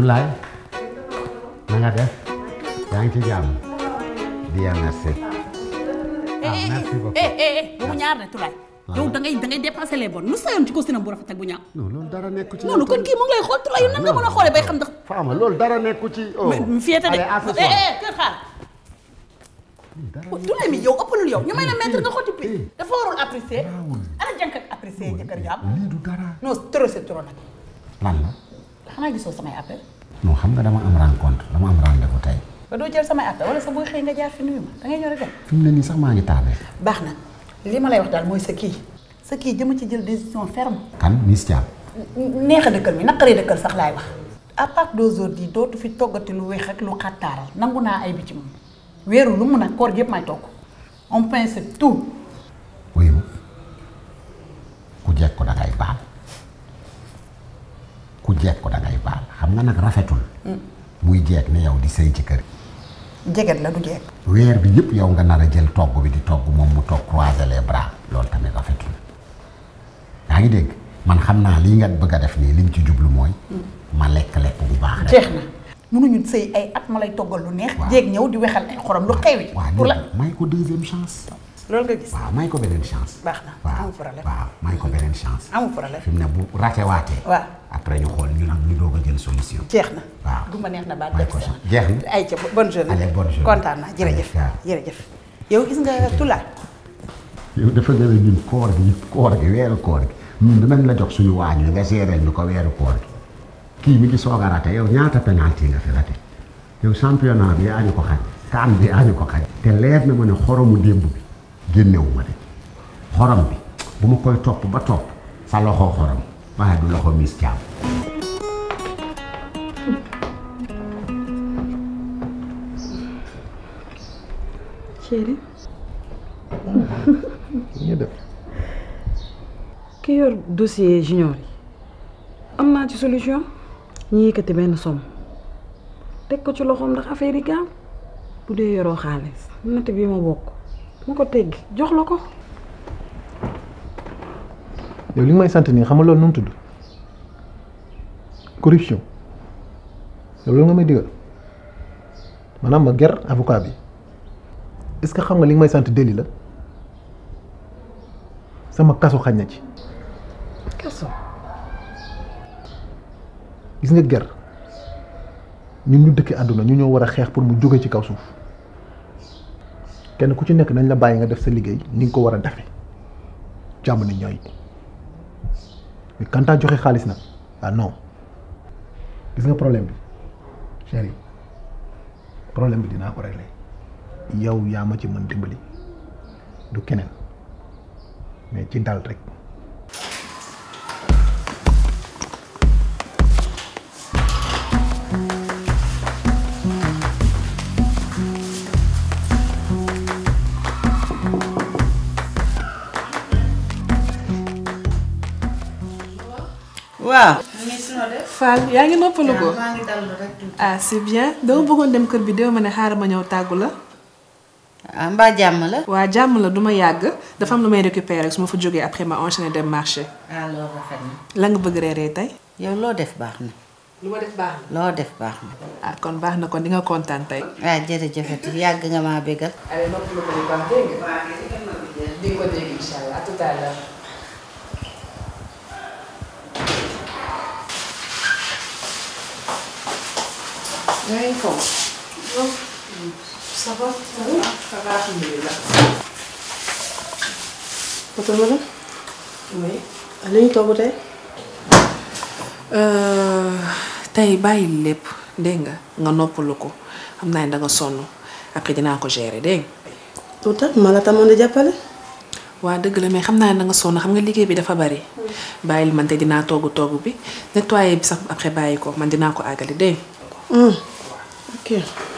Toulaye na nga def yaa ngi ci jàmm bien merci ah merci da ngay da ngay dépasser lu sayoon ci ko sinam bu rafet ak bu ñaaw non loolu dara nekku ci non kon kii mu ngi lay xool Toulaye a de eh mi yow ëppalul yow ñu may la mettre nga xotti bi dafa warul apprécier ana jànk ak apprécier jëkkër ju am lii du dara non trop c'est trop nag lan la xanaa gisoo samay appel moo xam nga dama am rencontre dama am rendez-vous tey. ba doo jël samay acte wala sa buy xëy nga jaar fi nuyu ma da ngay ñëw rek fi mu ne nii sax maa ngi tardé. baax na li ma lay wax daal mooy sa kii sa kii ci jël décision ferme. kan Miss Thiam. neex a dëkkal mi naqaree dëkkal sax laay wax. à part deux heures yi dootu fi toggati lu weex ak lu xattaaral nangu naa ay bi ci moom weeru lu mu nag koor yëpp may togg on pense tout. wuyu ku jekk ko da ngay baal ku jekk xam nga nag rafetul. muy jeeg ne yow di sëy ci kër jeget la du jeeg. weer bi yëpp yow nga nar a jël togg bi di togg moom mu toog croiser les bras loolu tamit rafetul yaa ngi dégg man xam naa lii nga bëgg a def nii li ci jublu mooy. ma lekk lekk bu baax rek. jeex na mënuñu sëy ay at ma lay toggal lu neex. waaw jeeg ñëw di wexal ay xorom lu xewi. pour la may ko deuxième chance. loolu nga gis may ko beneen chance. baax na amul problème waaw waaw may ko beneen chance. ne bu ratewaatee. waaw. après ñu xool ñu nag ñu doog a jël solution. jeex na waaw du ma na baat def jeex na ay ca bonne journée kontaan naa jërëjëf jërëjëf yow gis nga Tula. yow dafa mel ni ñun koor koor gi weeru koor gi ñun dinañ la jox suñu waañ wi nga séeréel ñu ko weeru koor gi kii mi ngi soog a raté yow ñaata penalty nga fi raté yow championnat bi yaa ko xañ kaan bi yaa ñu ko xañ te leer na ma ne xoromu démb bi génnewu de xorom bi bu ma koy topp ba topp sa loxo xorom waaye du loxo Miss Thiam. chéri. ki yor dossier junior yi am naa ci solution ñu yëkkati benn somme teg ko ci loxoom ndax affaire yi gaaw bu dee yoroo xaalis natt bi ma bokk ma ko teggi jox la ko. yow li may sant nii xam nga loolu nu mu tudd corruption yow loolu nga may digal maanaam ma ger avocat bi est-ce que xam nga li may sant déli la sama kasu xañ na ci. kaso. gis nga ger ñun ñu dëkk àdduna ñu ñoo war a xeex pour mu jóge ci kaw suuf kenn ku ci nekk nañ la bàyyi nga def sa liggéey ni nga ko war a defe jàmm ni ñooy. mais quant joxe xaalis nag ah non gis nga problème bi yi problème bi dinaa ko régler yow yaa ma ci mën dimbali du keneen mais ci dal rek. Fall yaa ngi noppalu ko ah c'est bien dama bëggoon dem kër bi dama ma ne xaaral ma ñëw tàggu la. Ah, mbaa jàmm la. waa jàmm la du ma yàgg dafa am lu may récupérer su ma fa jógee après ma enchaîner dem marché. Ah, la nga bëgg reeree tey. yow loo def baax na. loo def baax na. ah kon baax na kon di nga kontaan tey. ah jërëjëfati yàgg nga maa bégal. allez Nay Faw. donc ça li ñu togg tey. tey bàyyi lépp dégg nga nga noppalu ko xam naa ne danga sonn après dinaa ko gérer dégg nga. tout à fait la tamoon di jàppale. waa dëgg la mais xam naa ne danga sonn xam nga liggéey bi dafa bari. bàyyil man te dinaa togg togg bi nettoyer bi sax après bàyyi ko man dinaa ko àggali dégg ok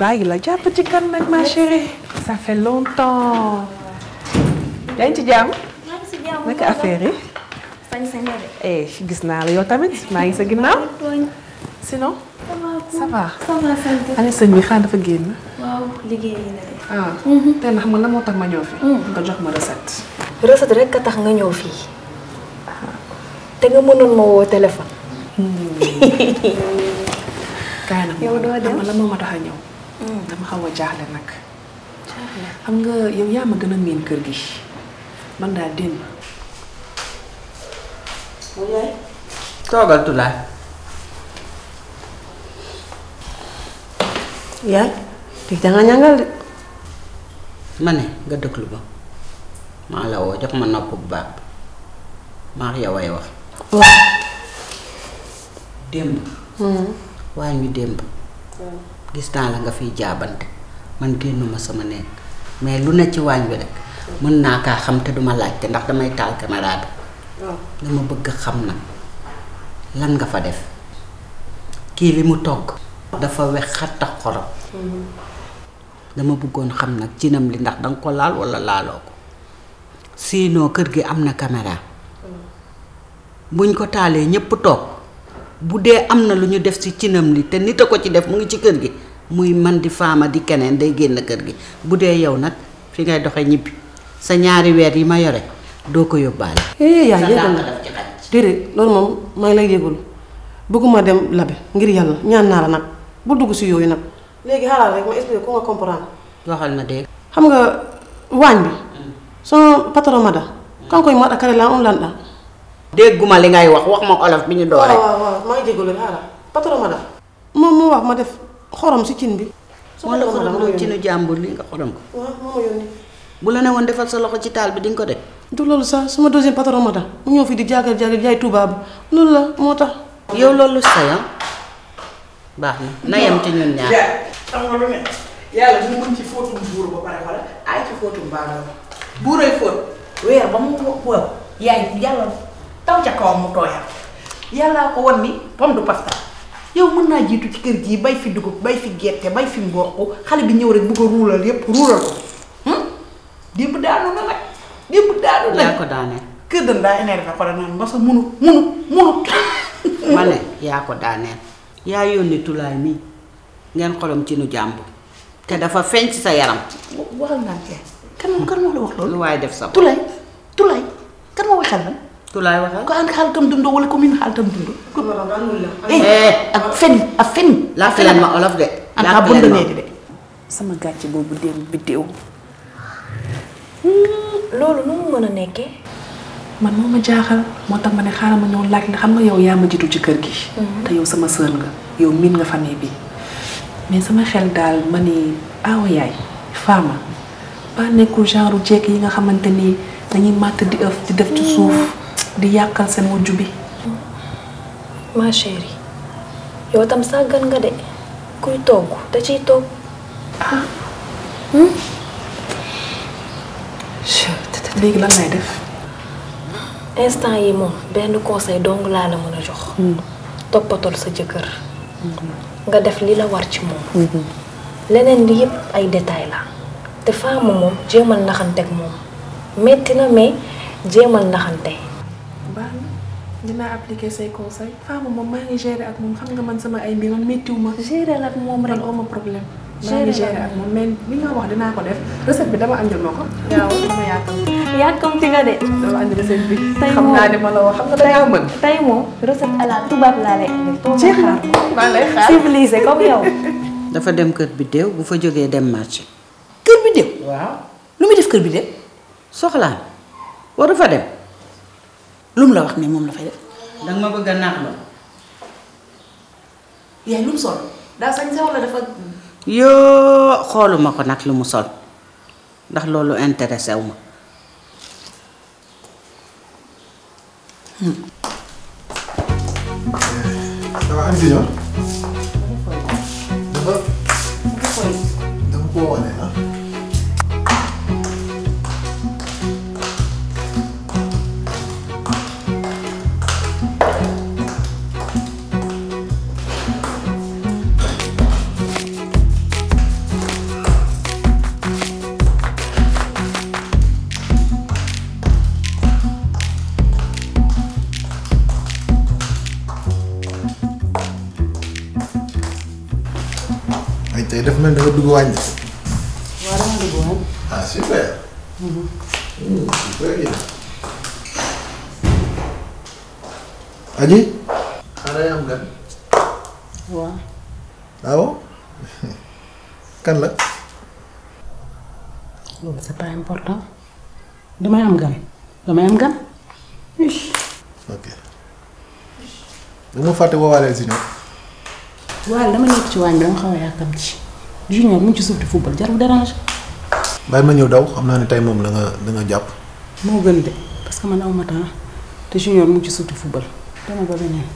bàyyi la jàpp ci kan nag ma chérie ça fait longtemps. yaa ngi ci jàmm. yaa ngi yi. sañ gis naa la yow tamit maa ngi sa ginnaaw. sinon. ça va ça va sant. ana sëñ bi dafa génn. waaw liggéey na de. ah. xam mhm. nga moo tax ma ñëw fii. Mhm. nga jox ma recette. recette rek a tax nga ñëw fii. te nga mënoon ma woo téléphone. kaay yow doo dem la moo ma tax a dama xaw a jaaxle nag. xam nga yow yaa ma gën a miin kër gi man daal démb. yaay. toogal yaay. danga ñangal de. ma ne nga dëkklu ba maa la woo jox ma nopp bu baax maa yow wax. démb. Hmm. waaye ñu démb. Hmm. gis naa la nga fiy jaabante man génnuma sama nekk mais lu ne ci waañ bi rek mën naa kaa xam te duma laajte ndax damay taal caméra bi dama bëgg xam nag lan nga fa def kii li mu togg dafa wex xatta mm-hmm. dama bëggoon xam nag cinam li ndax danga ko laal walla laaloo ko siinoo kër gi am na caméra mm. buñ ko taalee ñépp toog bu dee am na lu ñu def ci cinam li te nit a ko ci def mu ngi ci kër gi muy man di faama di keneen day génn kër gi bu dee yow nag fi ngay doxee ñibbi sa ñaari weer yi ma yore doo ko yóbbaale. Eh, yaa yëgal na déedéet loolu moom maa ngi lay yëgul bëgguma dem labe ngir yàlla ñaan naa la nag bu dugg si yooyu nag. léegi xaaral rek ma expliqué ku nga comprendre. waxal ma dégg. xam nga waañ bi. Mm. son patron Mada. Mm. kan koy mat akare laa um la dégguma li ngay wax wax ma olof bi ñu doore waaw waaw maa ngi moom moo wax ma def xorom si cin bi. moo la xorom cinu jàmbur li nga xorom ko. waaw bu la ne woon defal sa loxo ci taal bi di nga ko def. du loolu sax sama deuxième patron madame mu ñëw fii di jaagal jaagal jaay loolu la moo tax. yow loolu sa baax na na yem ci ñun ñaar. xam nga lu ne buur ay baa buuray fóot weer ba mu wow yaay yàlla. taw ca kawam mu tooyal yàllaa ko won ni pomme du pasta yow mën naa jiitu ci kër gii bay fi dugub bay fi gerte bay fi mboq xale bi ñëw rek bu ko ruural yépp ruural ko daanu na nag démb daanu na. yaa ko daaneel. kër dañ daa énervé ko naan ma ne yaa ko daaneel. yaa yónni tulaay xolom ci nu jàmbur. te dafa feeñ ci sa yaram. waxal naa kan kan moo la wax loolu. lu waay def sa tulaay tulaay kan moo waxal la. tulaay waxal ko an xaalkam dundoo wala ko min xaaltam dundoo. sama gàcce boobu démb biddéew. Hmm, loolu nu mën a nekkee. man moo ma jaaxal moo tax ma ne xaaral ma ñëw laaj la xam nga yow yaa ma jiitu ci kër gi. Hmm. te yow sama sœur nga yow miin nga famille bi mais sama xel daal ma ni awa yaay faama ba nekkul genre jekk yi nga xamante ni dañuy màtt di ëf di def ci hmm. suuf. di yàqal seen wujj bi. ma chérie yow tam sàggan nga de kuy togg da ciy togg. ah. Hmm? léegi lan lay def. instant yi moom benn conseil dong laa la mën a jox. Hmm. toppatoo sa jëkkër. Hmm. nga def li la war ci moom. leneen li yëpp ay détail la te femme moom jéemal naxanteeg moom metti na mais jéemal naxante. baax na dinaa appliquer say conseils femme moom maa ngi gérer ak moom xam nga man sama ay mbir man méttiwu ma. gérer ak moom rek man ma moom mais li nga wax dinaa ko def recette bi dama andil ma ko. waaw dama yaatal. nga de. dama andi recette bi. xam naa ne ma la wax xam nga da ngaa mën. tey moom recette à la tubaab laa lay andil. jeex na maa lay yow. dafa dem kër bi déew bu fa jógee dem marché. kër bi lu muy def kër bi déew. soxlaan waru fa dem. lu mu la wax ne moom la fay def. danga ma bëgg a naax la. yaay lu mu sol daa sañ sa dafa. yoo xooluma ko nag lu mu sol ndax loolu intéressé wu ma. bëgg wàññi. waaw dama bëgg wàññi. ah super. Mm-hmm. Hmm, aji. xaaral am gan. waaw. waaw. kan la. loolu c'est pas important. damay am gan. damay am gan. ok. bu ma fàtte woowaaleel si ñoom. waaw dama nekk ci waañ bi dama xaw yàkkam ci. junior mu ngi ci suuf di football jarul dérange. bàyyi ma ñëw daw xam naa ne tey moom la nga la nga jàpp. moo gën de parce que man aw te junior mu ngi ci suuf di football dama ba beneen.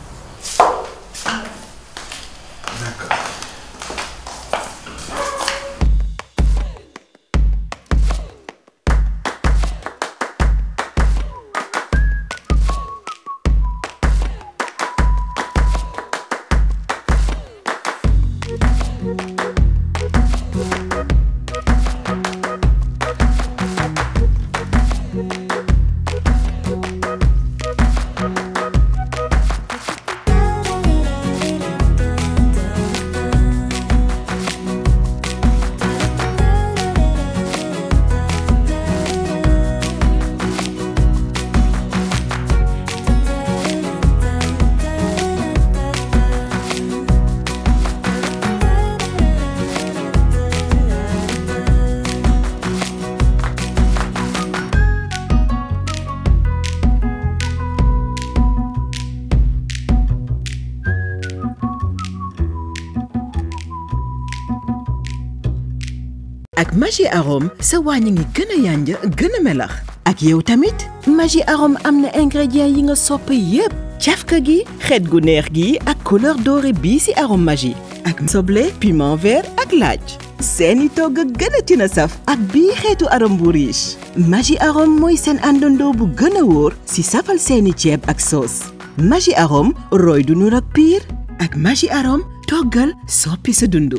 ak magie arôme sa wàññi ngi gën a melax ak yow tamit magie arôme am na ingrédients yi nga sopp yépp cafka gi xeet gu neex gi ak couleur dorée bii ci arôme magie ak soble piment vert ak laaj seeni togg gën tina saf ak bii xeetu arôme bu riche magie arôme mooy seen àndandoo bu gën a wóor ci safal seeni ceeb ak soos magie arôme roy du nur ak piir ak magie arôme toggal soppi sa dundu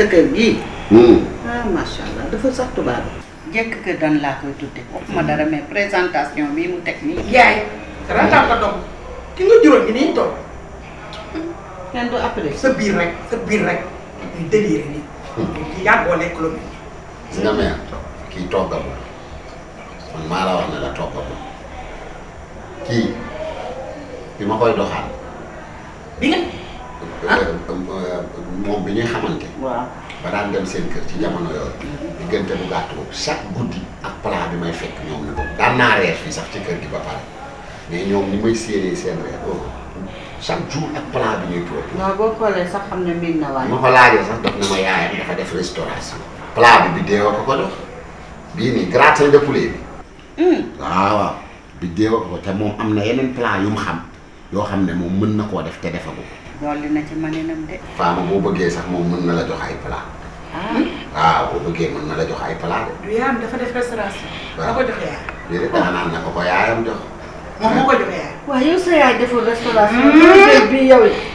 sa kër gii. Hmm. Ah, allah dafa sax tubaab. jekk kër dan laa koy tudde waxuma dara mais présentation bi mu teg nii. yaay rataat la doom ki nga juróom gi nii toog. sa biir rek sa biir rek muy nii. kii yaa boole kulo bi. gis nga mère kii toggagul man maa la wax ne la toggagul kii bi ma koy doxal. moom bi ñuy xamante. waaw ba daan dem seen kër ci jamono yooyu. diggante bu gàtt boobu chaque guddi ak plat bi may fekk ñoom ñu bokk daan naa reer fii sax ci kër gi ba pare mais ñoom ni may séenee seen reer boobu oh, chaque jour ak plat bi ñuy tuur. waaw boo xoolee ma ko laajee sax daf na ma yaayam dafa def restauration. plat bi bi deewa ko ko dox bii nii gratin de poulet bi. Hmm. waaw waaw bi ko te moom am na yeneen plat yu xam yoo xam ne moom mën na koo def te defagu dolli na ci maninam de. faama boo bëggee sax moom mën na la jox ay plat. Ah. Hmm? waaw boo bëggee mën na la jox ay palaa de. du yaayam dafa def restauration. waaw ko jox yaayam. déedéet daan naan na ko ko yaayam jox. moom moo ko jox yaayam. waaw yow sa yaay deful restauration. bi hmm? yow it.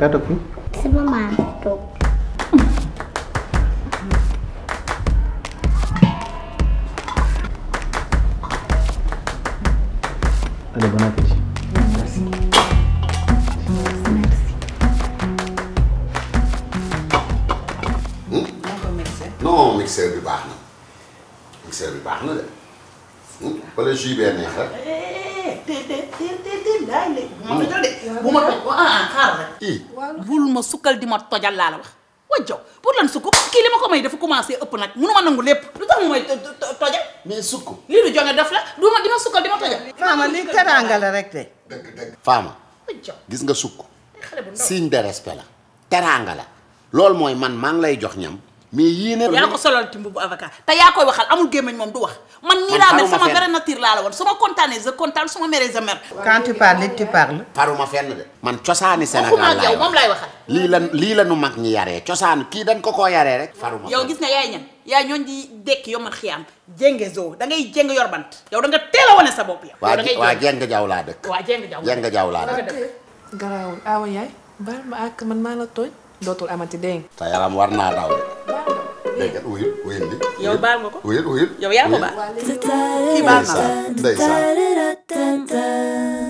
kaa toog fii. sama maam toog. Allez, bon appétit. Merci. non mixeur bi baax na mixeur bi baax na de wala jus bee neex teel bu ma sukkal di ma tojal laa la wax. wajjo pour lan sukk kii li ma ko may dafa commencé ëpp nag munu ma nangu lépp lu tax mu may tojal. mais sukk. lii du jonge def la du ma sukkal di ma tojal. faama li teraanga rek de. faama. gis nga sukk. signe de respect la. teraanga loolu mooy man maa ngi lay jox ñam. mais yii ne yaa ko solal timb bu avocat te yaa koy waxal amul gémmiñ moom du wax man nii laa mel sama vraie nature laa la woon su ma kontaanee je kontaan su ma meree je mer quand tu parles tu de man cosaani Sénégal laa lii la lii la nu mag ñi yaree cosaan kii dañ koo yaree rek faruma yow gis nga yaay ñan yaay ñoon di dekk yomal da ngay jéng yor bant yow a sa bopp yow waa waa jéng jaw laa dëkk waa jéng jaw jéng jaw laa dëkk garaawul aawa yaay baal a ak man maa la tooñ dootul amati dégg te yaram war naa daw béykat wuyul wuyul yow baal nga ko wuyul yow yaa ko baal. kii baal na